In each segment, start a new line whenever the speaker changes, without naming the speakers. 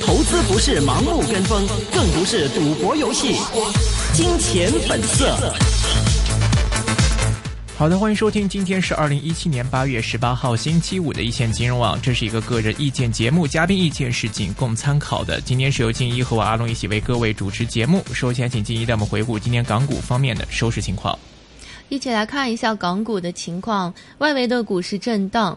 投資不是盲目跟風，更不是賭博遊戲，金錢本色。好的，歡迎收聽，今天是二零一七年八月十八號星期五的一線金融網，這是一個個人意見節目，嘉賓意見是僅供參考的。今天是由靜怡和我阿龍一起為各位主持節目。首先，請靜怡帶我們回顧今天港股方面的收市情況，
一起來看一下港股的情況，外圍的股市震盪。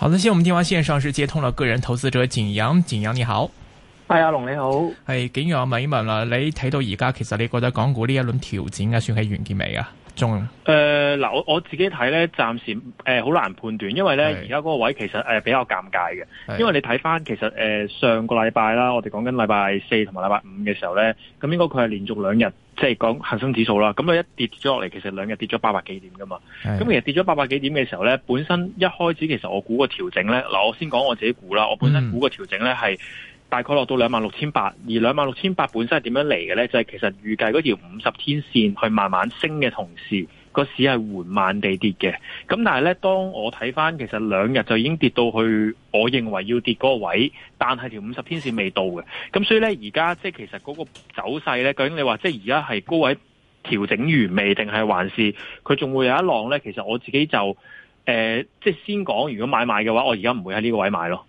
好的，首先我們電話線上是接通了個人投資者景陽，景陽你好，嗨、哎、阿龍你好，係、哎、景陽，問一問啦、啊，你睇到而家其實你覺得港股呢一輪調整啊算係完結未啊？
誒嗱、呃，我我自己睇咧，暫時誒好、呃、難判斷，因為咧而家嗰個位其實誒、呃、比較尷尬嘅，因為你睇返其實誒、呃、上個禮拜啦，我哋講緊禮拜四同埋禮拜五嘅時候咧，咁應該佢係連續兩日即係、就是、講恒生指數啦，咁佢一跌跌咗落嚟，其實兩日跌咗八百幾點㗎嘛，咁其實跌咗八百幾點嘅時候咧，本身一開始其實我估個調整咧，嗱我先講我自己估啦，我本身估個調整咧係。嗯大概落到兩萬六千八，而兩萬六千八本身係點樣嚟嘅呢？就係、是、其實預計嗰條五十天線去慢慢升嘅同時，個市係緩慢地跌嘅。咁但係呢，當我睇翻，其實兩日就已經跌到去，我認為要跌嗰個位，但係條五十天線未到嘅。咁所以呢，而家即係其實嗰個走勢呢，究竟你話即係而家係高位調整完未，定係還是佢仲會有一浪呢？其實我自己就誒、呃，即係先講，如果買賣嘅話，我而家唔會喺呢個位買咯。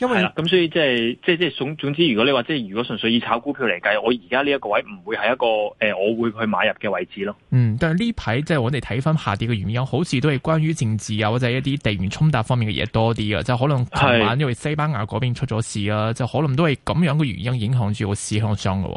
因為，咁所以即係即係即係總總之如，如果你話即係如果純粹以炒股票嚟計，我而家呢一個位唔會係一個誒我會去買入嘅位置
咯。嗯，但係呢排即係我哋睇翻下跌嘅原因，好似都係關於政治啊或者一啲地緣衝突方面嘅嘢多啲啊，就可能琴晚因為西班牙嗰邊出咗事啊，的就可能都係咁樣嘅原因影響住個市向上噶。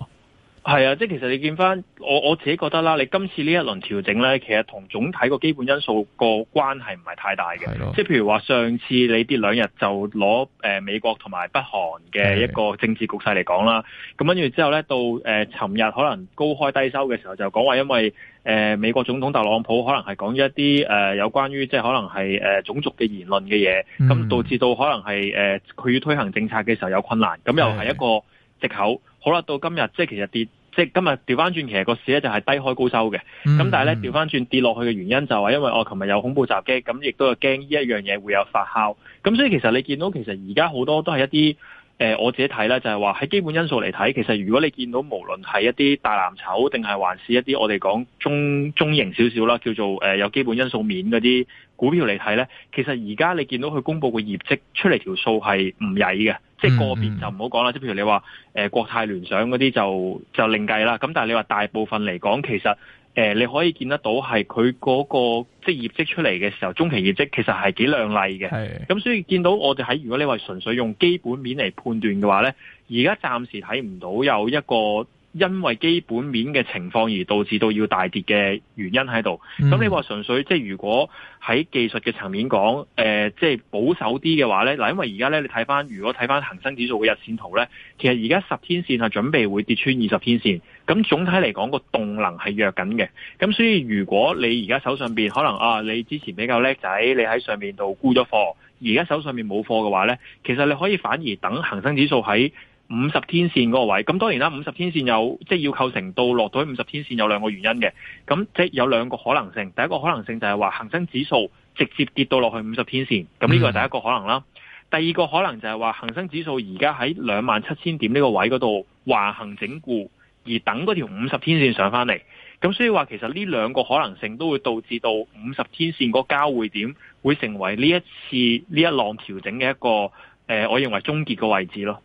係啊，即其實你見翻我我自己覺得啦，你今次呢一輪調整咧，其實同總體個基本因素個關係唔係太大嘅。的即係譬如話上次你跌兩日就攞誒美國同埋北韓嘅一個政治局勢嚟講啦，咁跟住之後咧到誒尋、呃、日可能高開低收嘅時候就講話因為誒、呃、美國總統特朗普可能係講咗一啲誒、呃、有關於即可能係誒、呃、種族嘅言論嘅嘢，咁、嗯、導致到可能係誒佢要推行政策嘅時候有困難，咁又係一個藉口。的好啦，到今日即其實跌。即今日調翻轉，其實個市咧就係低開高收嘅。咁但係咧調翻轉跌落去嘅原因就係因為我琴日有恐怖襲擊，咁亦都有驚呢一樣嘢會有發酵。咁所以其實你見到其實而家好多都係一啲誒、呃、我自己睇呢就係話喺基本因素嚟睇，其實如果你見到無論係一啲大藍籌，定係還是一啲我哋講中中型少少啦，叫做誒、呃、有基本因素面嗰啲股票嚟睇咧，其實而家你見到佢公佈嘅業績出嚟條數係唔曳嘅。嗯嗯，即係個別就唔好講啦，即係譬如你話誒、呃、國泰聯想嗰啲就就另計啦。咁但係你話大部分嚟講，其實誒、呃、你可以見得到係佢嗰個即係業績出嚟嘅時候，中期業績其實係幾亮麗嘅。咁係所以見到我哋喺如果你話純粹用基本面嚟判斷嘅話咧，而家暫時睇唔到有一個。因為基本面嘅情況而導致到要大跌嘅原因喺度，咁你話純粹即係如果喺技術嘅層面講，呃，即係保守啲嘅話呢，嗱，因為而家呢，你睇翻，如果睇翻恒生指數嘅日線圖呢，其實而家十天線係準備會跌穿二十天線，咁總體嚟講個動能係弱緊嘅，咁所以如果你而家手上邊可能啊，你之前比較叻仔，你喺上面度沽咗貨，而家手上面冇貨嘅話呢，其實你可以反而等恒生指數喺五十天線嗰個位，咁當然啦。五十天線有即係要構成到落到去五十天線，有兩個原因嘅。咁即係有兩個可能性。第一個可能性就係話恒生指數直接跌到落去五十天線，咁呢個係第一個可能啦。嗯、第二個可能就係話恒生指數而家喺兩萬七千點呢個位嗰度橫行整固，而等嗰條五十天線上翻嚟。咁所以話其實呢兩個可能性都會導致到五十天線嗰個交匯點會成為呢一次呢一浪調整嘅一個誒、呃，我認為終結嘅位置咯。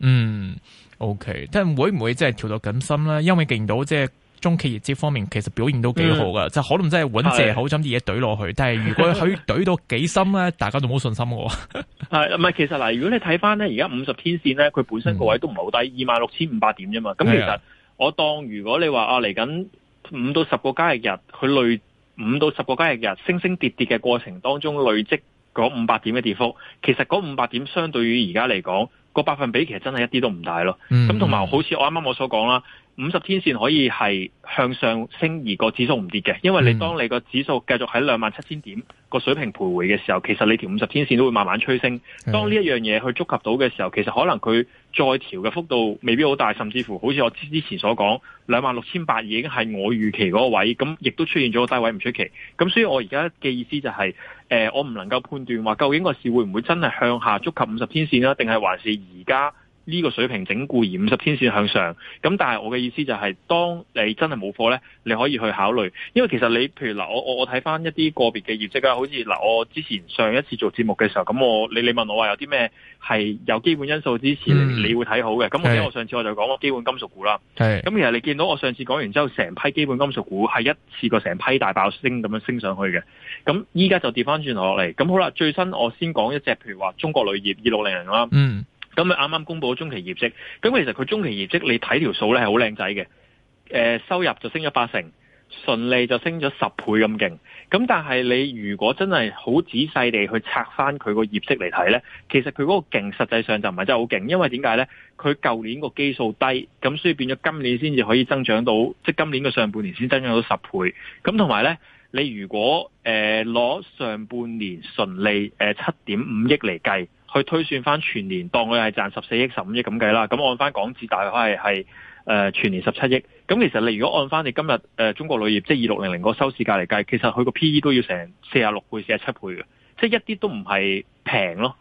嗯，OK，即係會唔會即係調到咁深咧？因為見到即係中企業績方面其實表現都幾好噶，就、嗯、可能真係揾借口，將啲嘢懟落去。是的但係如果佢懟到幾深咧， 大家都冇信心喎。
係唔係？其實嗱，如果你睇翻咧，而家五十天線咧，佢本身個位都唔係好低，二萬六千五百點啫嘛。咁其實我當如果你話啊嚟緊五到十個交易日，佢累五到十個交易日升升跌跌嘅過程當中累積。嗰五百點嘅跌幅，其實嗰五百點相對於而家嚟講，個百分比其實真係一啲都唔大咯。咁同埋好似我啱啱我所講啦。五十天線可以係向上升而個指數唔跌嘅，因為你當你個指數繼續喺兩萬七千點個水平徘徊嘅時候，其實你條五十天線都會慢慢吹升。當呢一樣嘢去觸及到嘅時候，其實可能佢再調嘅幅度未必好大，甚至乎好似我之前所講，兩萬六千八已經係我預期嗰個位，咁亦都出現咗個低位唔出奇。咁所以我而家嘅意思就係、是，誒、呃、我唔能夠判斷話究竟個市會唔會真係向下觸及五十天線啦，定係還是而家？呢個水平整固而五十天線向上，咁但係我嘅意思就係、是，當你真係冇貨呢，你可以去考慮，因為其實你譬如嗱，我我我睇翻一啲個別嘅業績啊，好似嗱，我之前上一次做節目嘅時候，咁我你你問我話有啲咩係有基本因素之前，嗯、你會睇好嘅，咁我聽我上次我就講咯基本金屬股啦，咁的其實你見到我上次講完之後，成批基本金屬股係一次過成批大爆升咁樣升上去嘅，咁依家就跌翻轉落嚟，咁好啦，最新我先講一隻譬如話中國鋁業二六零零啦，咁佢啱啱公布咗中期業績，咁其實佢中期業績你睇條數咧係好靚仔嘅，誒收入就升咗八成，純利就升咗十倍咁勁。咁但係你如果真係好仔細地去拆翻佢個業績嚟睇咧，其實佢嗰個勁實際上就唔係真係好勁，因為點解咧？佢舊年個基數低，咁所以變咗今年先至可以增長到，即係今年嘅上半年先增長到十倍。咁同埋咧，你如果誒攞、呃、上半年純利誒七點五億嚟計。去推算翻全年，當佢係賺十四億、十五億咁計啦。咁按翻港紙大概係係誒全年十七億。咁其實你如果按翻你今日誒、呃、中國鋁業，即係二六零零嗰個收市價嚟計，其實佢個 PE 都要成四十六倍、四十七倍嘅，即係一啲都唔係平咯。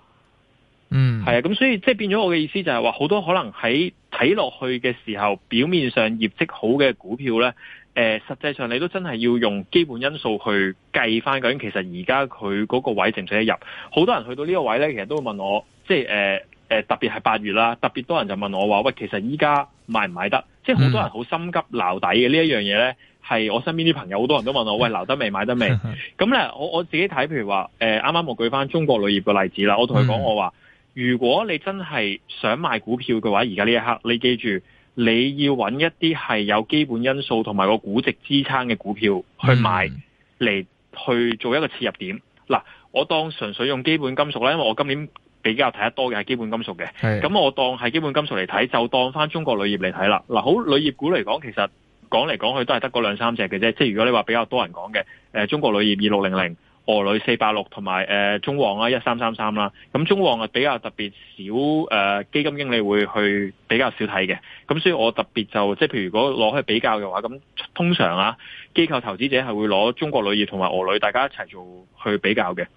嗯，係啊。咁所以即係變咗我嘅意思就係話，好多可能喺睇落去嘅時候，表面上業績好嘅股票呢。誒、呃，實際上你都真係要用基本因素去計翻，究竟。其實而家佢嗰個位淨係一入。好多人去到呢個位呢，其實都會問我，即係誒、呃呃、特別係八月啦，特別多人就問我話：喂，其實依家買唔買得？即係好多人好心急撈底嘅呢一樣嘢呢，係我身邊啲朋友好多人都問我：喂，撈得未買得未？咁 呢，我我自己睇，譬如話誒，啱、呃、啱我舉翻中國旅業嘅例子啦，我同佢講我話： 如果你真係想買股票嘅話，而家呢一刻你記住。你要揾一啲係有基本因素同埋個估值支撐嘅股票去買嚟、嗯、去做一個切入點。嗱，我當純粹用基本金屬呢，因為我今年比較睇得多嘅係基本金屬嘅。咁的我當係基本金屬嚟睇，就當翻中國鋁業嚟睇啦。嗱，好鋁業股嚟講，其實講嚟講去都係得嗰兩三隻嘅啫。即係如果你話比較多人講嘅、呃，中國鋁業二六零零。俄鋁四百六同埋誒中旺啊，一三三三啦，咁中旺啊比較特別少誒基金經理會去比較少睇嘅，咁所以我特別就即係譬如如果攞去比較嘅話，咁通常啊機構投資者係會攞中國鋁業同埋俄鋁大家一齊做去比較嘅。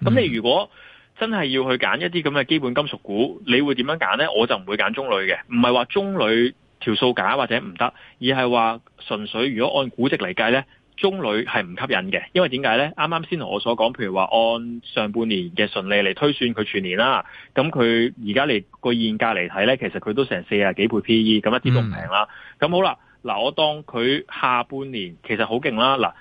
咁你如果真係要去揀一啲咁嘅基本金屬股，你會點樣揀呢？我就唔會揀中鋁嘅，唔係話中鋁條數假或者唔得，而係話純粹如果按估值嚟計呢。中旅係唔吸引嘅，因為點解呢？啱啱先同我所講，譬如話按上半年嘅順利嚟推算佢全年啦，咁佢而家嚟個現價嚟睇呢，其實佢都成四十幾倍 PE，咁一啲都唔平啦。咁、嗯、好啦，嗱我當佢下半年其實好勁啦。嗱，二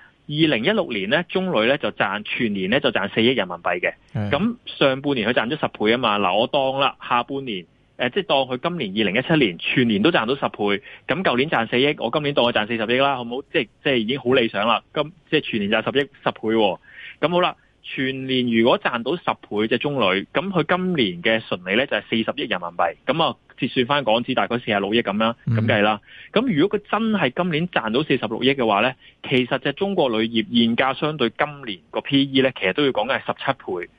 零一六年呢，中旅呢就賺全年呢就賺四億人民幣嘅，咁上半年佢賺咗十倍啊嘛。嗱，我當啦下半年。誒，即係當佢今年二零一七年全年都賺到十倍，咁舊年賺四億，我今年當佢賺四十億啦，好唔好？即係即係已經好理想啦。今即係全年賺十億十倍，哦，咁好啦。全年如果賺到十倍隻，就係中旅，咁佢今年嘅純利咧就係四十億人民幣，咁啊折算翻港紙大概四十六億咁樣，咁計啦。咁如果佢真係今年賺到四十六億嘅話咧，其實隻中國旅業現價相對今年個 P/E 咧，其實都要講緊係十七倍。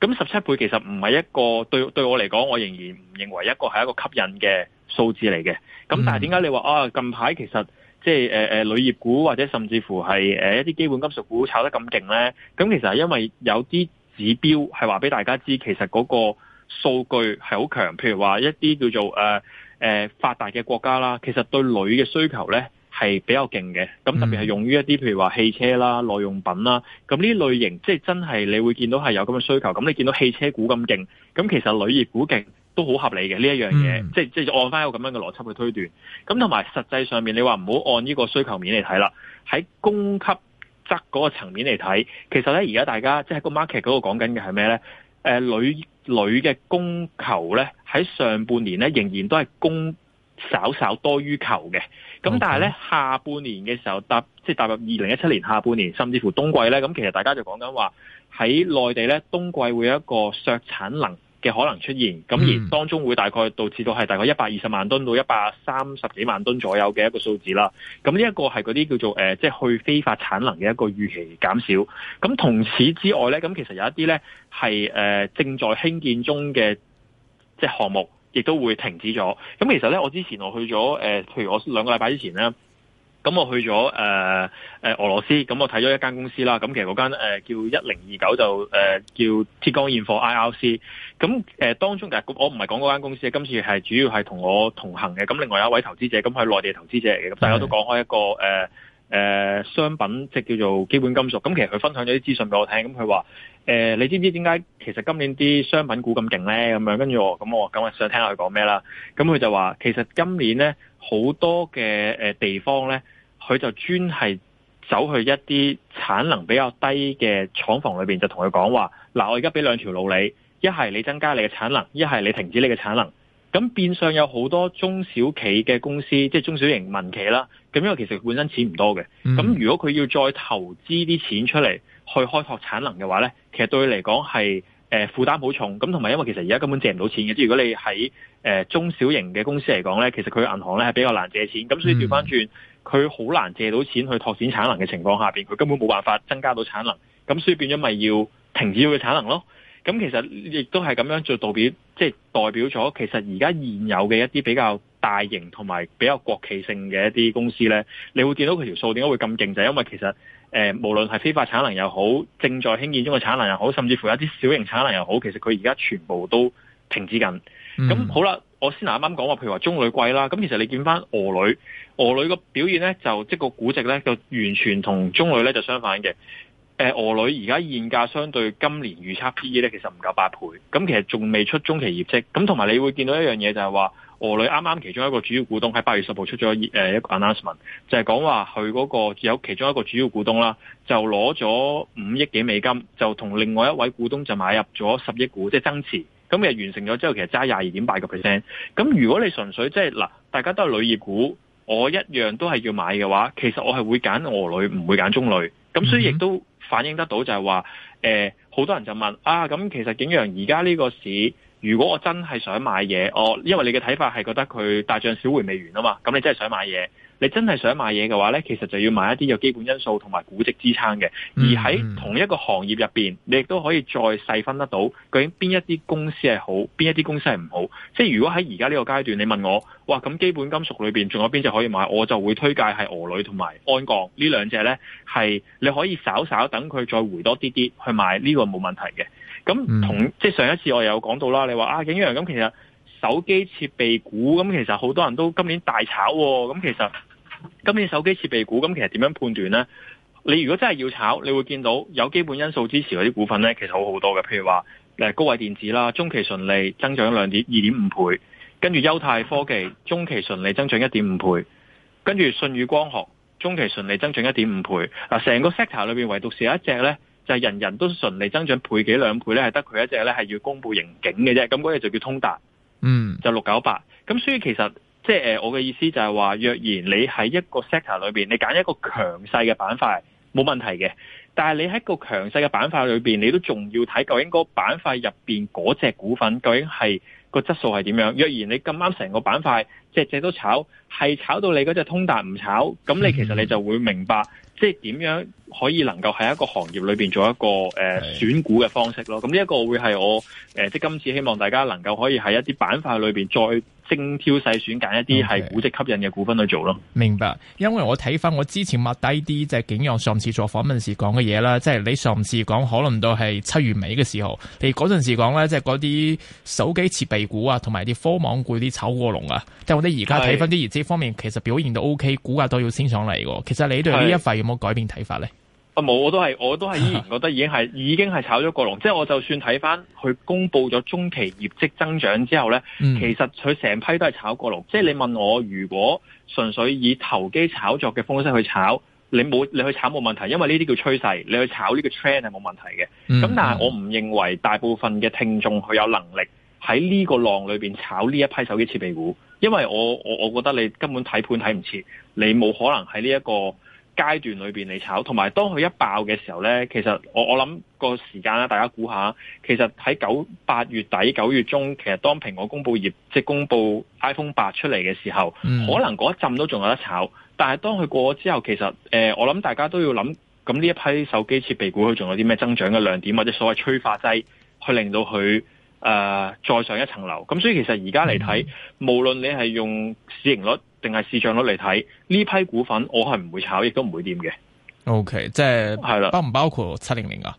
咁十七倍其實唔係一個對對我嚟講，我仍然唔認為一個係一個吸引嘅數字嚟嘅。咁但係點解你話啊？近排其實即係誒誒鋁業股或者甚至乎係誒一啲基本金屬股炒得咁勁呢？咁其實係因為有啲指標係話俾大家知，其實嗰個數據係好強。譬如話一啲叫做誒誒、呃呃、發達嘅國家啦，其實對鋁嘅需求呢。係比較勁嘅，咁特別係用於一啲譬如話汽車啦、耐用品啦，咁呢啲類型即係真係你會見到係有咁嘅需求。咁你見到汽車股咁勁，咁其實鋁業股勁都好合理嘅呢一樣嘢、嗯，即係即係按翻一個咁樣嘅邏輯去推斷。咁同埋實際上面，你話唔好按呢個需求面嚟睇啦，喺供給側嗰個層面嚟睇，其實咧而家大家即係個 market 嗰個講緊嘅係咩咧？誒鋁鋁嘅供求咧喺上半年咧仍然都係供。稍稍多於求嘅，咁但係咧 Okay. 下半年嘅時候，搭即係踏入二零一七年下半年，甚至乎冬季咧，咁其實大家就講緊話喺內地咧，冬季會有一個削產能嘅可能出現，咁而當中會大概導致到係大概一百二十萬噸到一百三十幾萬噸左右嘅一個數字啦。咁呢一個係嗰啲叫做誒、呃、即係去非法產能嘅一個預期減少。咁除此之外咧，咁其實有一啲咧係誒正在興建中嘅即係項目。亦都會停止咗。咁其實咧，我之前我去咗誒，譬、呃、如我兩個禮拜之前咧，咁我去咗誒、呃呃、俄羅斯，咁我睇咗一間公司啦。咁其實嗰間、呃、叫一零二九，就、呃、誒叫鐵江現貨 IRC。咁、呃、當中其實我唔係講嗰間公司，今次係主要係同我同行嘅。咁另外有一位投資者，咁係內地投資者嚟嘅。咁大家都講開一個誒。呃誒、呃、商品即叫做基本金屬，咁其實佢分享咗啲資訊俾我聽，咁佢話誒你知唔知點解其實今年啲商品股咁勁呢？咁樣跟住，咁我咁我想聽下佢講咩啦。咁佢就話其實今年呢好多嘅誒地方呢，佢就專係走去一啲產能比較低嘅廠房裏面，就同佢講話，嗱我而家俾兩條路你，一係你增加你嘅產能，一係你停止你嘅產能。咁變相有好多中小企嘅公司，即係中小型民企啦。咁因為其實本身錢唔多嘅，咁如果佢要再投資啲錢出嚟去開拓產能嘅話咧，其實對佢嚟講係誒負擔好重。咁同埋因為其實而家根本借唔到錢嘅，即係如果你喺、呃、中小型嘅公司嚟講咧，其實佢銀行咧係比較難借錢。咁所以調翻轉，佢好難借到錢去拓展產,產能嘅情況下邊，佢根本冇辦法增加到產能。咁所以變咗咪要停止佢嘅產能咯。咁其實亦都係咁樣做代表，即、就、係、是、代表咗其實而家現有嘅一啲比較大型同埋比較國企性嘅一啲公司咧，你會見到佢條數點解會咁勁？就是、因為其實誒、呃，無論係非法產能又好，正在興建中嘅產能又好，甚至乎一啲小型產能又好，其實佢而家全部都停止緊。咁、嗯、好啦，我先啱啱講話，譬如話中鋁貴啦，咁其實你見翻俄鋁，俄鋁個表現咧，就即個估值咧，就完全同中鋁咧就相反嘅。誒、呃、俄鋁而家現價相對今年預測 P/E 咧，其實唔夠八倍。咁其實仲未出中期業績。咁同埋你會見到一樣嘢，就係話俄鋁啱啱其中一個主要股東喺八月十號出咗誒一個 announcement，就係講話佢嗰個有其中一個主要股東啦，就攞咗五億幾美金，就同另外一位股東就買入咗十億股，即係增持。咁其實完成咗之後，其實揸廿二點八個 percent。咁如果你純粹即係嗱，大家都係鋁業股，我一樣都係要買嘅話，其實我係會揀俄鋁，唔會揀中鋁。咁所以亦都，嗯反映得到就係話，誒、呃，好多人就問啊，咁其實景陽而家呢個市，如果我真係想買嘢，我、哦、因為你嘅睇法係覺得佢大漲小回未完啊嘛，咁、嗯、你真係想買嘢？你真係想買嘢嘅話呢，其實就要買一啲有基本因素同埋估值支撐嘅。而喺同一個行業入邊，你亦都可以再細分得到究竟邊一啲公司係好，邊一啲公司係唔好。即係如果喺而家呢個階段，你問我，哇咁基本金屬裏邊仲有邊隻可以買，我就會推介係俄女同埋安鋼呢兩隻呢，係你可以稍稍等佢再回多啲啲去買呢、呢個冇問題嘅。咁同即係上一次我有講到啦，你話啊景陽咁，其實手機設備股咁，其實好多人都今年大炒喎、哦，咁其實。今年手機設備股，咁其實點樣判斷呢？你如果真係要炒，你會見到有基本因素支持嗰啲股份呢，其實好好多嘅。譬如話高偉電子啦，中期純利增長兩點二點五倍，跟住優泰科技中期純利增長一點五倍，跟住信宇光學中期純利增長一點五倍。嗱，成個 sector 裏邊唯獨是一隻呢，就係人人都純利增長倍幾兩倍呢，係得佢一隻呢，係要公佈盈警嘅啫。咁嗰隻就叫通達，嗯，就六九八。咁所以其實。即係我嘅意思就係話，若然你喺一個 sector 裏邊，你揀一個強勢嘅板塊，冇問題嘅。但係你喺個強勢嘅板塊裏邊，你都仲要睇究竟嗰個板塊入邊嗰隻股份究竟係、個質素係點樣。若然你咁啱成個板塊。只只都炒，係炒到你嗰隻通達唔炒，咁你其實你就會明白，嗯、即係點樣可以能夠喺一個行業裏面做一個誒、呃、的選股嘅方式咯。咁呢一個會係我、呃、即今次希望大家能夠可以喺一啲板塊裏面再精挑細選揀一啲係估值吸引嘅股份去做咯。
明白，因為我睇翻我之前抹低啲即係景陽上次做訪問時講嘅嘢啦，即、就、係、是、你上次講可能都係七月尾嘅時候，你嗰陣時講咧，即係嗰啲手機設備股啊，同埋啲科網股啲炒過龍啊。我哋而家睇翻啲業績方面，是其實表現都 OK，股價都要升上嚟嘅。其實你對呢一塊有冇改變睇法呢？
啊冇，我都係，我都係依然覺得已經係 已經係炒咗過龍。即係我就算睇翻佢公布咗中期業績增長之後呢，嗯、其實佢成批都係炒過龍。即係你問我，如果純粹以投機炒作嘅方式去炒，你冇你去炒冇問題，因為呢啲叫趨勢，你去炒呢個 trend 係冇問題嘅。咁、嗯、但係我唔認為大部分嘅聽眾佢有能力。喺呢個浪裏面炒呢一批手機設備股，因為我我我覺得你根本睇盤睇唔切，你冇可能喺呢一個階段裏面嚟炒。同埋當佢一爆嘅時候呢，其實我我諗個時間啦，大家估下，其實喺九八月底九月中，其實當蘋果公佈業即係公佈 iPhone 八出嚟嘅時候，mm. 可能嗰一陣都仲有得炒。但係當佢過咗之後，其實、呃、我諗大家都要諗，咁呢一批手機設備股佢仲有啲咩增長嘅亮點或者所謂催化劑去令到佢？誒、呃、再上一層樓，咁所以其實而家嚟睇，嗯、哼無論你係用市盈率定係市漲率嚟睇，呢批股份我係唔會炒，亦都唔會掂嘅。
O、okay, K，即係係啦，包唔包括七零零啊？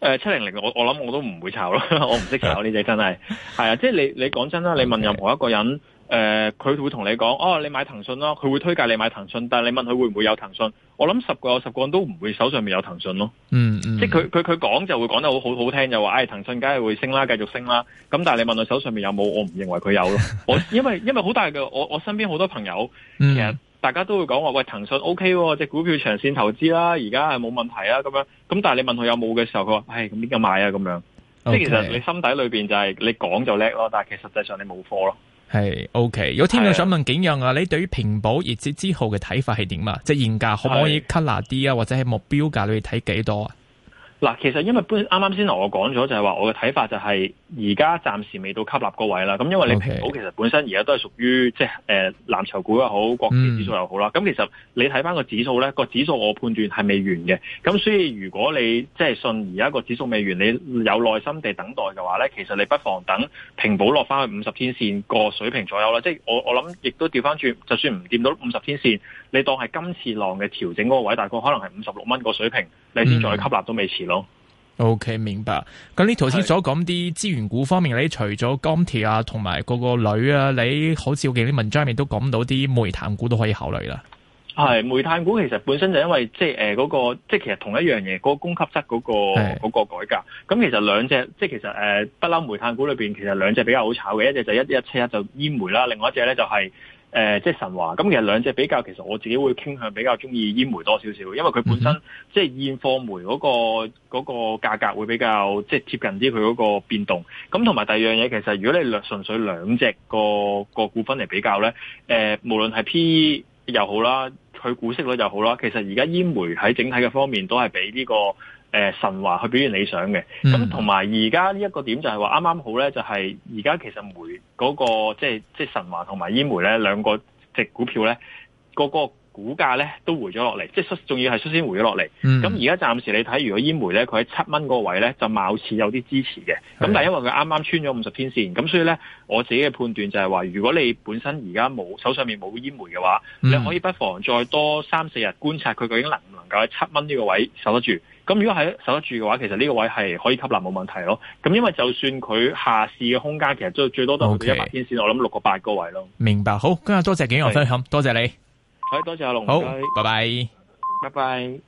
誒、呃，七零零，我我諗我都唔會炒啦， 我唔識炒呢隻， 真係係啊！即係你你講真啦，你問任何一個人。Okay. 誒，佢、呃、會同你講哦，你買騰訊咯，佢會推介你買騰訊。但係你問佢會唔會有騰訊，我諗十個有十個人都唔會手上面有騰訊咯、嗯。
嗯，即係
佢佢佢講就會講得好好好聽，就話誒，騰訊梗係會升啦，繼續升啦。咁但係你問佢手上面有冇，我唔認為佢有咯。 我因為因為好大嘅，我我身邊好多朋友，其實大家都會講話喂，騰訊 O K 喎，隻股票長線投資啦，而家係冇問題啊，咁樣。咁但係你問佢有冇嘅時候，佢話，唉，咁邊個買啊？咁樣
，Okay. 即係其實你
心底裏邊就係、是、你講就叻咯，但係其實，實際上你冇貨咯。
係 OK，有聽眾想問景陽啊，你對於平保業績之後嘅睇法係點啊？即係現價可唔可以 color 啲啊？是的或者係目標價你會睇幾多啊？
嗱，其實因為本啱啱先同我講咗，就係話我嘅睇法就係而家暫時未到吸納個位啦。咁因為你平保其實本身而家都係屬於即係誒藍籌股又好，國際指數又好啦。咁、嗯、其實你睇翻個指數咧，個指數我判斷係未完嘅。咁所以如果你即係信而家個指數未完，你有耐心地等待嘅話咧，其實你不妨等平保落翻去五十天線個水平左右啦。即係我我諗，亦都掉翻轉，就算唔掂到五十天線。你當係今次浪嘅調整嗰個位，大概可能係五十六蚊個水平，你先再吸納都未遲咯。嗯、
o、okay, K，明白。咁你頭先所講啲資源股方面，是你除咗鋼鐵啊，同埋個個鋁啊，你好似我見啲文章面都講到啲煤炭股都可以考慮啦。
係煤炭股其實本身就因為即係嗰、呃那個，即係其實同一樣嘢，嗰、那個供給側嗰、那個嗰是改革。咁其實兩隻，即係其實誒不嬲煤炭股裏面，其實兩隻比較好炒嘅，一隻就一一七一就煙煤啦，另外一隻咧就係、是。誒、呃、即係神華，咁其實兩隻比較，其實我自己會傾向比較鍾意煙煤多少少，因為佢本身、嗯、哼即係現貨煤嗰、那個嗰、那個價格會比較即係貼近啲佢嗰個變動。咁同埋第二樣嘢，其實如果你純粹兩隻個個股份嚟比較咧，誒、呃、無論係 PE 又好啦，佢股息率又好啦，其實而家煙煤喺整體嘅方面都係比呢、這個。誒神華去表現理想嘅，
咁同
埋而家呢一個點就係話啱啱好咧，就係而家其實煤嗰、那個即係即係神華同埋煙煤咧兩個隻股票咧個個股價咧都回咗落嚟，即係仲要係率先回咗落嚟。咁而家暫時你睇，如果煙煤咧佢喺七蚊個位咧，就貌似有啲支持嘅。咁的但係因為佢啱啱穿咗五十天線，咁所以咧我自己嘅判斷就係話，如果你本身而家冇手上面冇煙煤嘅話，嗯、你可以不妨再多三四日觀察佢究竟能唔能夠喺七蚊呢個位守得住。咁如果係守得住嘅話，其實呢個位係可以吸納冇問題咯。咁因為就算佢下試嘅空間，其實最最多都係一百天線，我諗六個八個位咯。
明白。好，今日多謝景陽分享，是多謝你。
好，多謝阿龍。好，謝謝拜拜。拜拜。